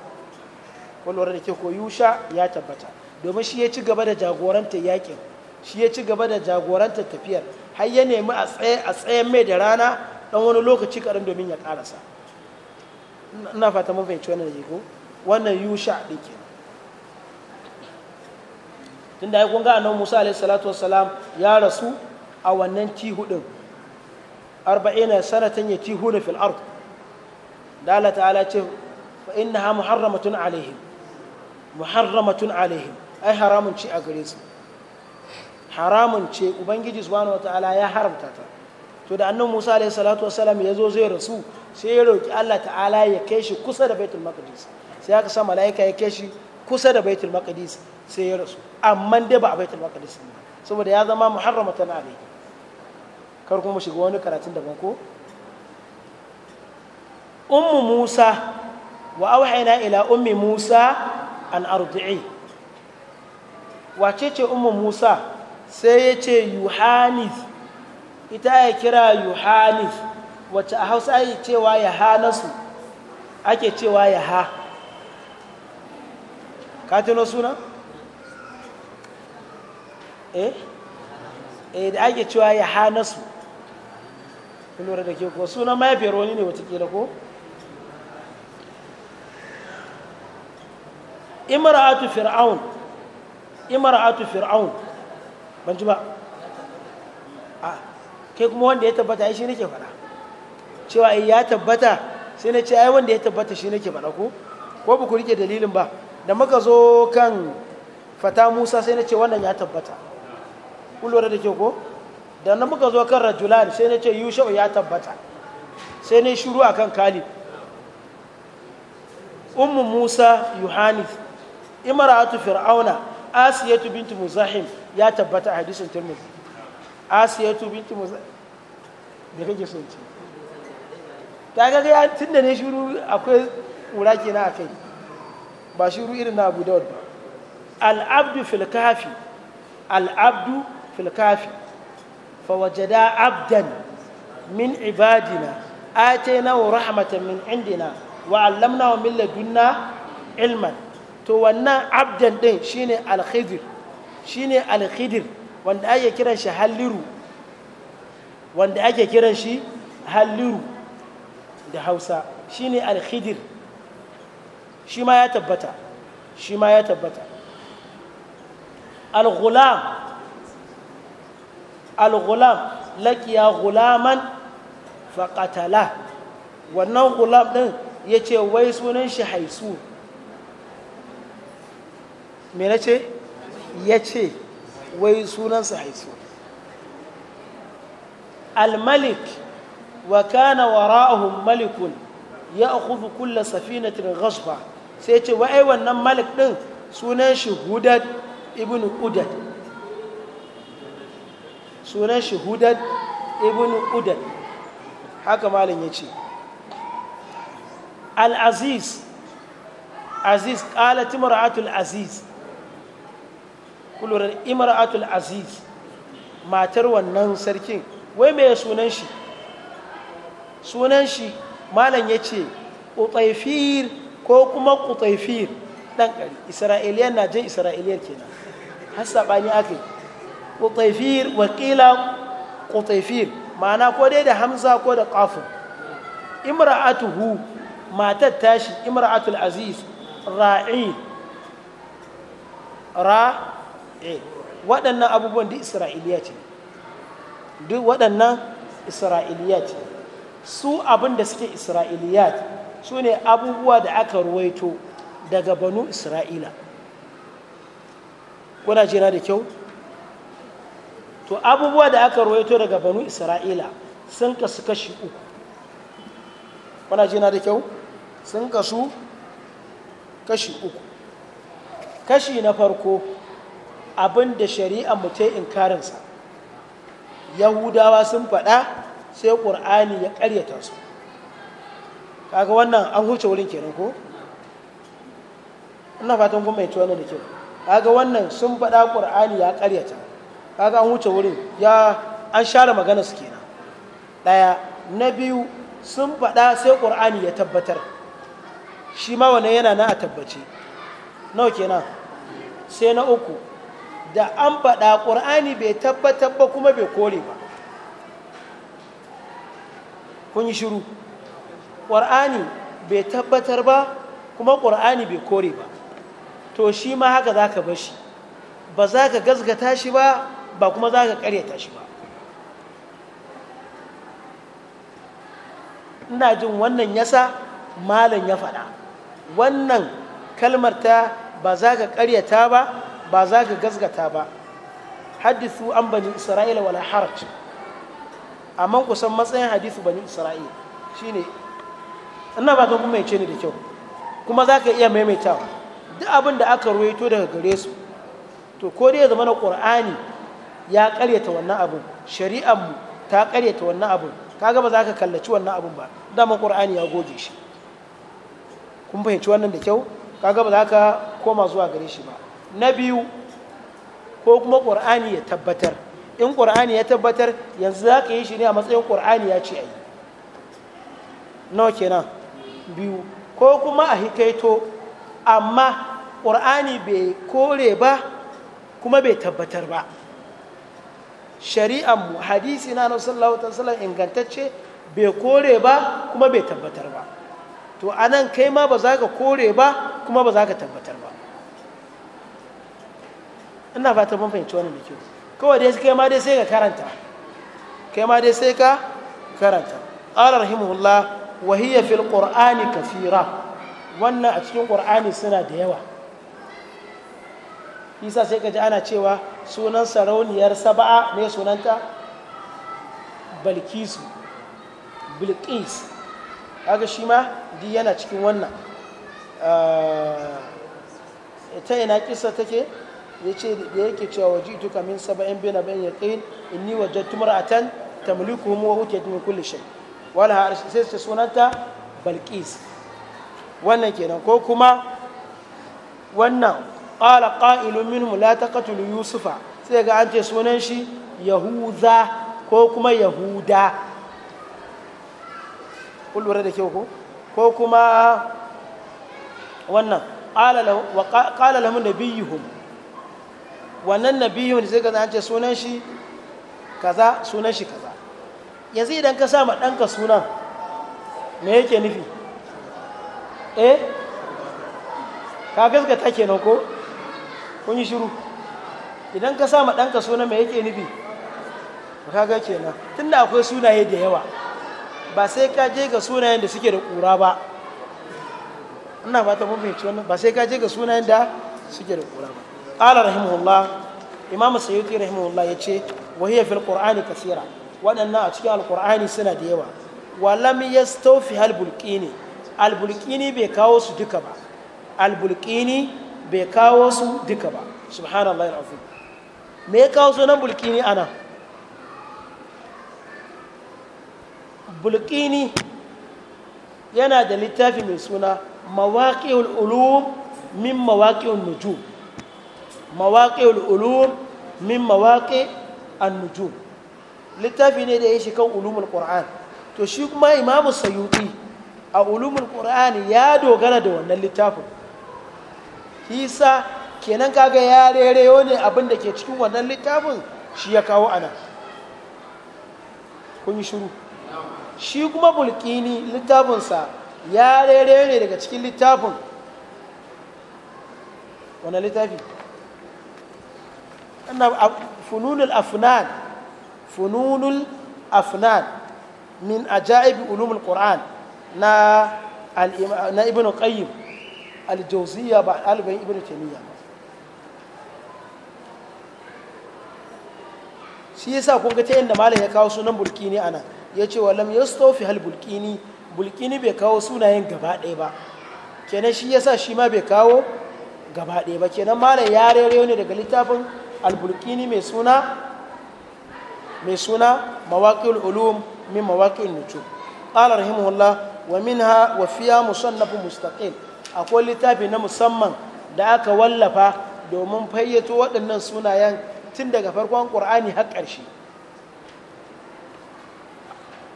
kwallon da ke ko yusha ya tabbata domin shi ya ci gaba da jagorantar yakin shi ya ci gaba da jagorantar tafiyar har ya nemi a tsayen mai da rana ɗan wani lokaci ƙarin domin ya ƙarasa. ina fata mun fahimci wannan ke ko wannan yusha da ke tunda ya kunga annabi Musa alaihi salatu wassalam ya rasu a wannan tihu din 40 sanatan ya tihu da fil ard da Allah ta'ala ce fa innaha muharramatun alaihim muharramatun alaihim ai haramun ce a gare su haramun ce ubangiji subhanahu wataala ya haramta ta to da annabi Musa alaihi salatu wassalam ya zo zai rasu sai ya roki Allah ta'ala ya kai shi kusa da baitul maqdis sai aka sa mala'ika ya kai shi kusa da baitul maqdis sai ya rasu amma dai ba a baitul maqdis ba saboda ya zama muharramatan alayhi kar kuma shiga wani karatun daban ko ummu musa wa awhayna ila ummi musa an ardi'i wace ce ummu musa sai ya ce yuhanis ita ya kira yuhanis wace a hausa ake cewa ya hanasu ake cewa ya ha ka suna? Eh? eh da ake cewa ya hana su lura da ke ko sunan mahaifiyar wani ne watakila ko imra'atu fir'aun imra'atu fir'aun ban ji ba a kai kuma wanda ya tabbata ya shi nake faɗa cewa ya tabbata sai na ce ai wanda ya tabbata shi nake faɗa ko ko ba ku rike dalilin ba da muka zo kan fata musa sai na ce wannan ya tabbata kun lura da ke ko da na muka zo kan rajulan sai na ce yusha'u ya tabbata sai na yi shuru a kan kali umu musa imara imaratu fir'auna asiyatu bintu muzahim ya tabbata a hadisun turmizi asiyatu bintu muzahim da kake son ce ta gaga ya tun da ne shuru akwai ƙura kenan a kai ba shuru irin na abu dawud ba al'abdu filkafi kafi al'abdu fil kafi min ibadina atainahu rahmatan min indina wa 'allamnahu min ladunna ilman to wannan abdan din shine al-khidir shine da hausa shi ma ya tabbata shi ma ya tabbata al-ghulam al-ghulam laƙiya gulaman faqatala wannan gulam din ce wai sunan shi haisu me nace yace wai sunan sa haisu al-malik wa kana wara'ahum malikun ya ya'khudhu kull safinatin ghasba sai ce wa'ai wannan malik din sunan shi hudad ibn udad sunan shi hudad ibn udad haka malam ya ce al-aziz aziz qalat imra'atul aziz kulurar imra'atul aziz matar wannan sarkin wai mai sunan shi sunan shi malam ya ce ƙutaifir ko kuma ƙutaifir ɗan ƙari isra'iliyar na jin isra'iliyar kenan har saɓani aka yi ƙutaifir wakila ƙutaifir ma'ana ko dai da hamza ko da qaf imra'atuhu matar tashi imra'atul aziz ra'i ra'i waɗannan abubuwan duk isra'iliya ce duk waɗannan isra'iliya ce su abin da suke isra'iliya su ne abubuwa da aka ruwaito daga banu isra'ila kuna jina da kyau to abubuwa da aka ruwaito daga banu isra'ila sun kasu kashi uku wana jina da kyau sun kasu kashi uku kashi na farko abin da shari'a mutai inkarinsa yahudawa sun faɗa sai ƙur'ani ya ƙaryata su kaga wannan an huce wurin kenan ko ina fatan kuma mai tuwa da kyau kaga wannan sun faɗa ƙur'ani ya ƙaryata kaga an wuce wurin ya an share magana su kenan ɗaya na biyu sun faɗa sai ƙur'ani ya tabbatar shi ma wannan yana na a tabbace nawa kenan sai na uku da an faɗa ƙur'ani bai tabbatar ba kuma bai kore ba kun yi shiru ƙur'ani bai tabbatar ba kuma ƙur'ani bai kore ba to shi ma haka za ka bashi ba za ka gazgata shi ba ba kuma za ka karyata shi ba ina jin wannan yasa malam ya faɗa wannan kalmar ta ba za ka karyata ba ba za ka gasgata ba hadithu an bani isra'ila wala haraj amma kusan matsayin hadithu bani isra'ila shine ina ba ka kuma ce ni da kyau kuma za ka iya maimaitawa duk abin da aka ruwaito daga gare su to ko dai ya zama na ƙur'ani ya karyata wannan abu shari'ar mu ta karyata wannan abu ka gaba za ka kallaci wannan abu ba dama qur'ani ya goge shi kun fahimci wannan da kyau ka gaba za ka koma zuwa gare shi ba na biyu ko kuma ƙur'ani ya tabbatar in ƙur'ani ya tabbatar yanzu za ka yi shi ne a matsayin ƙur'ani ya ce a yi nawa kenan biyu ko kuma a hikaito amma ƙur'ani bai kore ba kuma bai tabbatar ba shari'an mu hadisi na na sallallahu alaihi wasallam ingantacce bai kore ba kuma bai tabbatar ba to anan kai ma ba za ka kore ba kuma ba za ka tabbatar ba ina fatan mun fahimci wannan da kyau kawai dai kai ma dai sai ka karanta kai ma dai sai ka karanta qala rahimahullah wa hiya fil qur'ani kathira wannan a cikin qur'ani suna da yawa isa sai ka ji ana cewa sunan sarauniyar saba'a ne sunanta balkisu bilkis haka shi ma di yana cikin wannan eh, ta yana kisa take ya ce da yake cewa waje tuka min saba'in bina bayan ya kai in ni waje ta muliku mu wuke min kulli shay wala sai ce sunanta balkis wannan kenan ko kuma wannan Ƙala qa'ilun minhum la taqtulu yusufa sai ga an ce sunan shi yahuza ko kuma yahuda kun da kyau ko ko kuma wannan Ƙala qala biyu nabiyuhum wannan na nabiyun sai ga an ce sunan shi kaza sunan shi kaza yanzu idan ka sa ma ɗanka sunan me yake nufi eh ka gaskata kenan ko kun yi shiru idan ka sa ma ɗanka suna mai yake nufi ga kenan tunda akwai sunaye da yawa ba sai ka je ga sunayen da suke da ƙura ba ina fata mun fahimci wannan ba sai ka je ga sunayen da suke da ƙura ba ƙala rahimahullah imam sayyidi rahimahullah yace wa hiya fil qur'ani kasira waɗannan a cikin Alƙur'ani suna da yawa wa ya stofi al bulqini bai kawo su duka ba al bai kawo su duka ba subhanallah al'afim me ya kawo sunan bulkini ana bulkini yana da littafi mai suna mawaƙi'ul ulum min mawaƙi'ul min mawaƙi an littafi ne da ya shi kan ulumul qur'an to shi kuma imamu sayuti a ulumul qur'an ya dogara da wannan littafin hisa kenan kaga ya rereyo ne abinda da ke cikin wannan littafin shi ya kawo ana kun yi shiru shi kuma bulkini littafinsa ya rereyo ne daga cikin littafin wannan littafi fununul afnan fununul afnan min ajaibi ulumul qur'an na na ibn qayyim aljauziya ba ɗaliban ibn taimiyya ba shi yasa kun ga ta yadda malam ya kawo sunan bulkini ana ya ce wa lam yastofi hal bulkini bulkini bai kawo sunayen gaba ɗaya ba kenan shi yasa shi ma bai kawo gaba ɗaya ba kenan malam ya rere ne daga littafin albulkini mai suna mai suna mawaƙil ulum min mawaƙil nujum qala rahimahullah wa minha wa fiya musannaf mustaqil akwai littafi na musamman da aka wallafa domin fayyato waɗannan sunayen tun daga farkon ƙur'ani har ƙarshe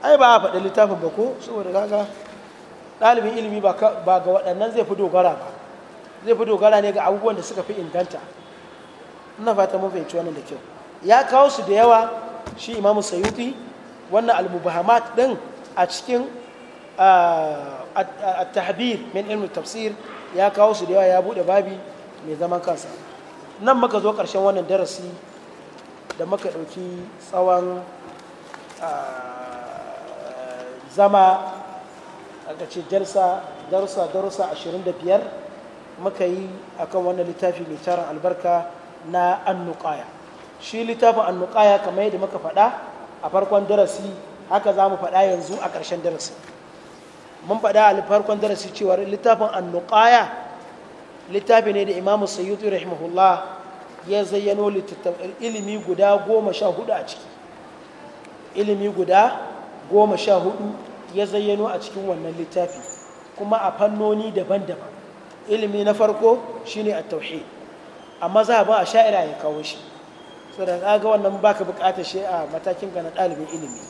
ai ba a faɗi littafin ba ko saboda gaga ɗalibin ilimi ba ga waɗannan zai fi dogara ba zai fi dogara ne ga abubuwan da suka fi inganta ina fata mun fahimci wannan da kyau ya kawo su da yawa shi imamu sayuti wannan al-mubahamat din a cikin ah, at-tahbir min ilmi tafsir ya kawo su da yawa ya bude babi mai zaman kansa nan muka zo karshen wannan darasi da muka dauki tsawon zama a ce jalsa darusa darusa 25 muka yi akan wannan littafi mai tarin albarka na annuqaya shi littafin annuqaya kamar yadda muka faɗa a farkon darasi haka za mu faɗa yanzu a ƙarshen darasi mun faɗa a farkon darasi cewa littafin annuqaya littafi ne da imamu Sayyidu rahimahullah ya zayyano ilimi guda goma sha hudu a ciki ilimi guda goma sha hudu ya zayyano a cikin wannan littafi kuma a fannoni daban-daban ilimi na farko shine a tauhid amma za a ba a sha'ira ya kawo shi saboda ka ga wannan baka bukatar shi a matakin ga na ɗalibin ilimi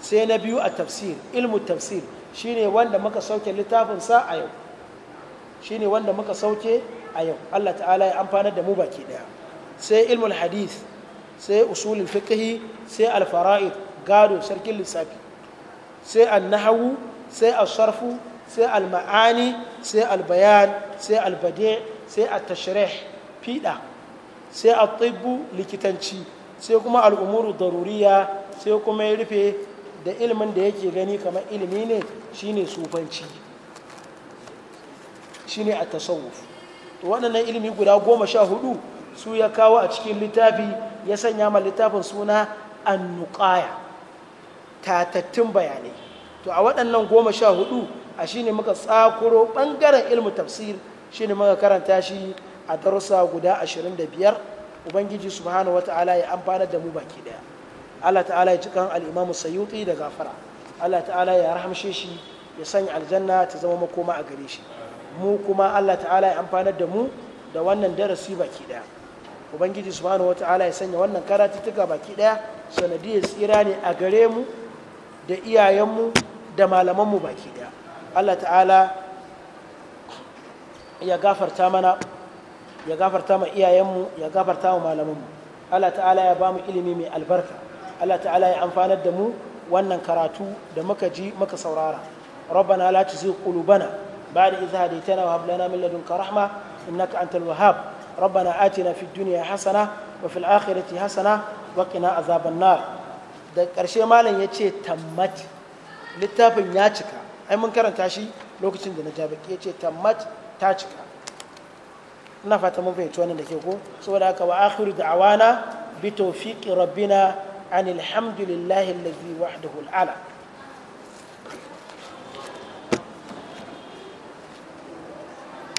sai na biyu a tafsir ilmu tafsir ne wanda muka sauke littafin sa a yau shine wanda muka sauke a yau Allah ta'ala ya amfanar da mu baki daya sai ilmul hadis sai usulul fiqhi sai al fara'id gado sarkin lissafi sai an nahawu sai al sarfu sai al ma'ani sai al bayan sai al sai at tashrih fida sai a tibbu likitanci sai kuma al umuru daruriya sai kuma ya rufe da ilimin da yake gani kamar ilimi ne shine sufanci shine a tasawuf to waɗannan ilimi guda goma sha hudu su ya kawo a cikin littafi ya sanya ma littafin suna annukaya tatattun bayanai to a waɗannan goma sha hudu a shine muka tsakuro ɓangaren ilmu tafsir shine muka karanta shi a darussa guda ashirin da biyar ubangiji subhanahu wata'ala ya amfanar da mu baki ɗaya. Allah ta'ala ya cikan al mu Sayyuti da gafara Allah ta'ala ya rahamshe shi ya sanya aljanna ta zama makoma a gare shi mu kuma Allah ta'ala ya amfanar da mu da wannan darasi baki daya ubangiji subhanahu wata'ala ya sanya wannan karatuttuka baki daya sanadiyar tsira ne a gare mu da iyayenmu da malamanmu baki daya Allah ta'ala ya gafarta mana ya gafarta ma iyayenmu ya gafarta ma malamanmu Allah ta'ala ya ba mu ilimi mai albarka Allah ta'ala ya amfanar da mu wannan karatu da muka ji muka saurara rabbana la tuzigh qulubana ba'da idh hadaytana tana hab lana min ladunka rahma innaka antal wahhab rabbana atina fid dunya hasana wa fil akhirati hasana wa qina azaban nar da karshe malam yace tammat littafin ya cika ai mun karanta shi lokacin da na ja baki yace tammat ta cika ina fata mun fahimci wannan da ke ko saboda haka wa akhiru da'wana bi tawfiqi rabbina عن الحمد لله الذي وحده الأعلى